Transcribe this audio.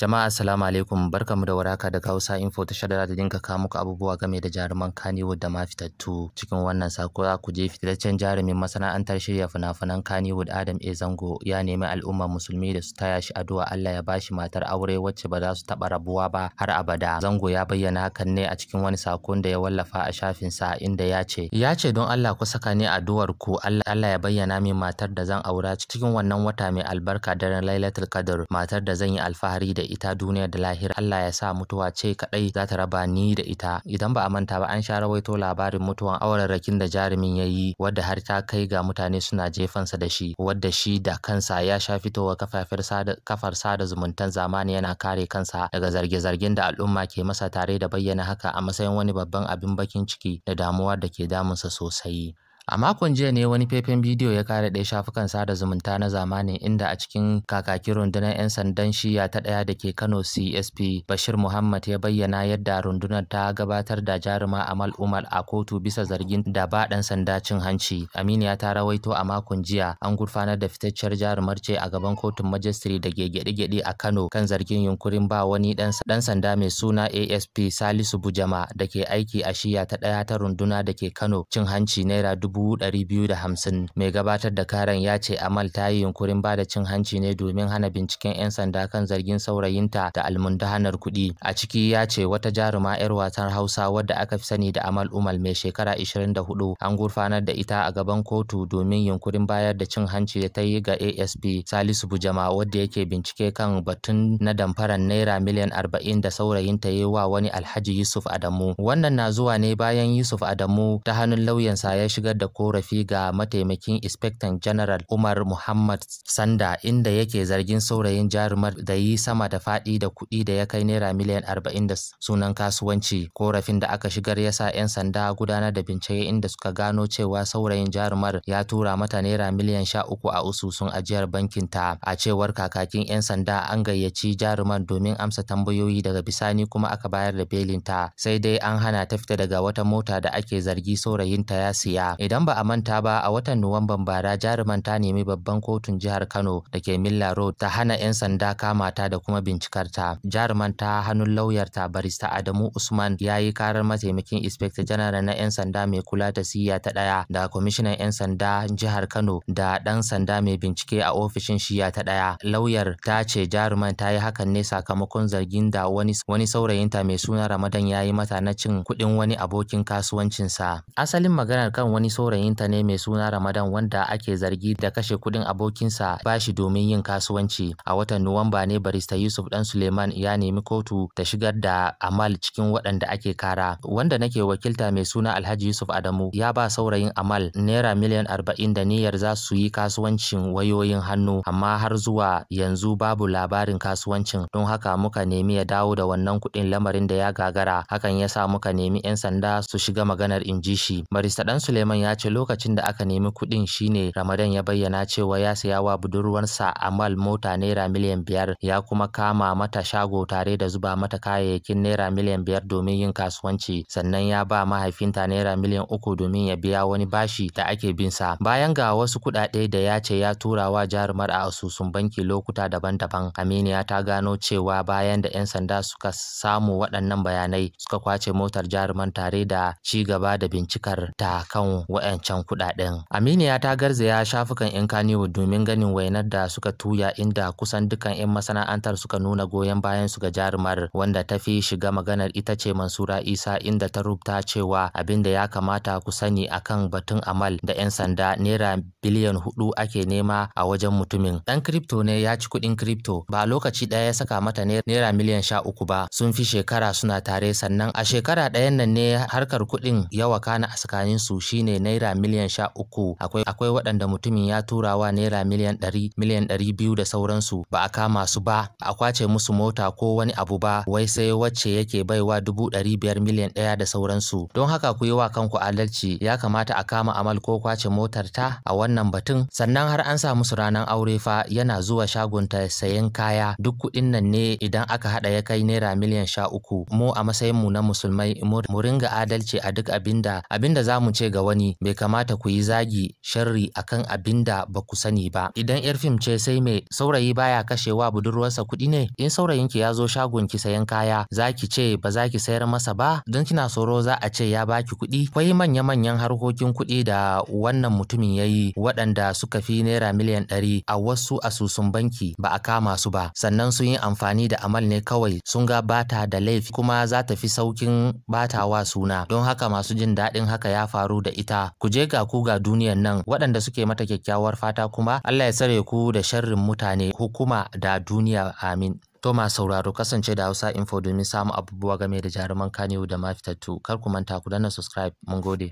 Jama'a assalamu alaikum barkamu da waraka da Hausa Info ta shadara da dinka ka muku abubuwa game da jaruman Kannywood da ma fitattu cikin wannan sako za ku je fitaccen jarumin masana'antar shirya fina-finan Kannywood Adam A Zango ya nemi al'umma musulmi da su taya shi addu'a Allah ya bashi matar aure wacce ba za su taba rabuwa ba har abada. Zango ya bayyana hakan ne a cikin wani sakon da ya wallafa a shafin sa inda ya ce ya ce don Allah ku saka ni addu'ar ku Allah ya bayyana min matar da zan aura cikin wannan wata mai albarka daren Lailatul Qadr matar da zan yi alfahari da ita duniya da lahira Allah ya sa mutuwa ce kaɗai za ta raba ni da ita idan ba a manta ba an sha rawaito labarin mutuwan rakin da jarumin ya yi wadda har ta kai ga mutane suna jefansa da shi wadda shi da kansa ya sha fitowa kafar sada zumuntan zamani yana kare kansa daga zarge-zargen da al'umma ke masa tare da bayyana haka a matsayin wani babban abin bakin ciki da damuwa da ke damunsa sosai. A makon jiya ne wani faifan bidiyo ya kare ɗaya shafukan sada zumunta na zamani inda a cikin kakakin rundunar 'yan sandan shiya ta ɗaya da ke Kano CSP Bashir Muhammad ya bayyana yadda rundunar ta gabatar da jaruma Amal Umar a kotu bisa zargin da ba ɗan sanda cin hanci. ya ta rawaito a makon jiya an gurfanar da fitacciyar jarumar ce a gaban kotun majistri da ke gyaɗe-gyaɗe a Kano kan zargin yunkurin ba wani ɗan sanda mai suna ASP Salisu Bujama da ke aiki a shiya ta ɗaya ta runduna da ke Kano cin hanci naira dubu 250,000. Mai gabatar da karan ya ce Amal ta yi yunkurin ba da cin hanci ne domin hana binciken 'yan sanda kan zargin saurayinta da hanar kuɗi. A ciki ya ce wata jaruma 'yar wasan Hausa wadda aka fi sani da Amal Umal mai shekara 24 an gurfanar da ita a gaban kotu domin yunkurin bayar da cin hanci da ta yi ga ASP Salisu Bujama wadda yake bincike kan batun na damfaran naira miliyan 40 da saurayinta yi wa wani Alhaji Yusuf Adamu. Wannan na zuwa ne bayan Yusuf Adamu ta hannun lauyansa ya shigar da korafi ga mataimakin inspector general Umar Muhammad Sanda inda yake zargin saurayin jarumar da yi sama da faɗi da kuɗi da ya kai naira miliyan 40 da sunan kasuwanci. Korafin da aka shigar ya sa 'yan sanda gudanar da bincike inda suka gano cewa saurayin jarumar ya tura mata naira miliyan 13 a ususun ajiyar bankin ta. A cewar kakakin 'yan sanda an gayyaci jarumar domin amsa tambayoyi daga bisani kuma aka bayar da belin ta, sai dai an hana ta fita daga wata mota da ake zargi saurayin ta ya siya. Idan ba a manta ba a watan Nuwamban bara jaruman ta nemi babban kotun jihar Kano da ke Milla Road ta hana 'yan sanda kama ta da kuma bincikar ta. Jaruman ta hannun lauyar ta barista Adamu Usman ya yi karar mataimakin Inspector General na 'yan sanda mai kula da siya ta ɗaya da kwamishinan 'yan sanda jihar Kano da ɗan sanda mai bincike a ofishin shiya ta ɗaya. Lauyar ta ce jaruman ta yi hakan ne sakamakon zargin da wani, wani saurayinta mai suna Ramadan ya yi mata na cin kuɗin wani abokin kasuwancinsa. Asalin maganar kan wani saurayinta ne mai suna Ramadan wanda ake zargi da kashe kuɗin abokinsa bashi domin yin kasuwanci. A watan Nuwamba ne barista Yusuf Dan Suleiman ya nemi kotu ta shigar da Amal cikin waɗanda ake kara. Wanda nake wakilta mai suna Alhaji Yusuf Adamu ya ba saurayin Amal naira miliyan arba'in da niyyar za su yi kasuwancin wayoyin hannu amma har zuwa yanzu babu labarin kasuwancin don haka muka nemi ya dawo da wannan kuɗin lamarin da ya gagara hakan ya sa muka nemi 'yan sanda su shiga maganar in ji shi. Barista Dan Suleiman ya ya ce lokacin da aka nemi kuɗin shine Ramadan ya bayyana cewa ya saya wa budurwarsa Amal mota naira miliyan biyar ya kuma kama mata shago tare da zuba mata kayayyakin naira miliyan biyar domin yin kasuwanci sannan ya ba mahaifinta naira miliyan uku domin ya biya wani bashi da ake bin sa bayan ga wasu kuɗaɗe da ya ce ya tura wa jarumar a asusun banki lokuta daban-daban Aminiya ta gano cewa bayan da 'yan sanda suka samu waɗannan bayanai suka kwace motar jaruman tare da ci gaba da bincikar ta kan wa'ancan kuɗaɗen. Aminiya ta garzaya shafukan 'yan domin ganin wainar da suka tuya inda kusan dukan 'yan masana'antar suka nuna goyon bayan su ga jarumar wanda ta fi shiga maganar ita ce Mansura Isa inda ta rubuta cewa abin da ya kamata ku sani akan batun amal da 'yan sanda naira biliyan hudu ake nema a wajen mutumin. Dan kripto ne ya ci kuɗin kripto ba lokaci ɗaya ya saka mata naira miliyan sha uku ba sun fi shekara suna tare sannan a shekara ɗayan nan ne harkar kuɗin yawa kana a tsakaninsu shine naira miliyan sha uku akwai akwai waɗanda mutumin ya tura wa naira miliyan ɗari miliyan ɗari biyu da sauransu ba a kama su ba a kwace musu mota ko wani abu ba wai sai wacce yake baiwa dubu ɗari biyar miliyan ɗaya da sauransu don haka ku yi wa kanku adalci ya kamata a kama amal ko kwace motar ta a wannan batun sannan har an sa musu ranar aure fa yana zuwa shagon ta sayan kaya duk kuɗin nan ne idan aka haɗa ya kai naira miliyan sha uku mu a matsayin mu na musulmai mu ringa adalci a duk abinda abinda za mu ce ga wani bai kamata ku yi zagi sharri akan abin da ba ku sani ba idan yar fim ce sai mai saurayi baya kashewa budurwarsa kuɗi ne in saurayinki ya zo shagon ki sayan kaya za ki ce ba za ki sayar masa ba don kina tsoro za a ce ya baki kuɗi kwai manya-manyan harkokin kuɗi da wannan mutumin ya yi waɗanda suka fi naira miliyan ɗari a wasu asusun banki ba a kama su ba sannan sun yi amfani da amal ne kawai sun ga bata da laifi kuma za ta fi saukin batawa suna don haka masu jin daɗin haka ya faru da ita ku je ga ku ga duniyar nan waɗanda suke mata kyakkyawar fata kuma Allah ya tsare ku da sharrin mutane hukuma da duniya amin To ma sauraro kasance da Hausa Info domin samun abubuwa game da jaruman Kaniyu da mafitattu. Kar ku manta ku danna subscribe. Mun gode.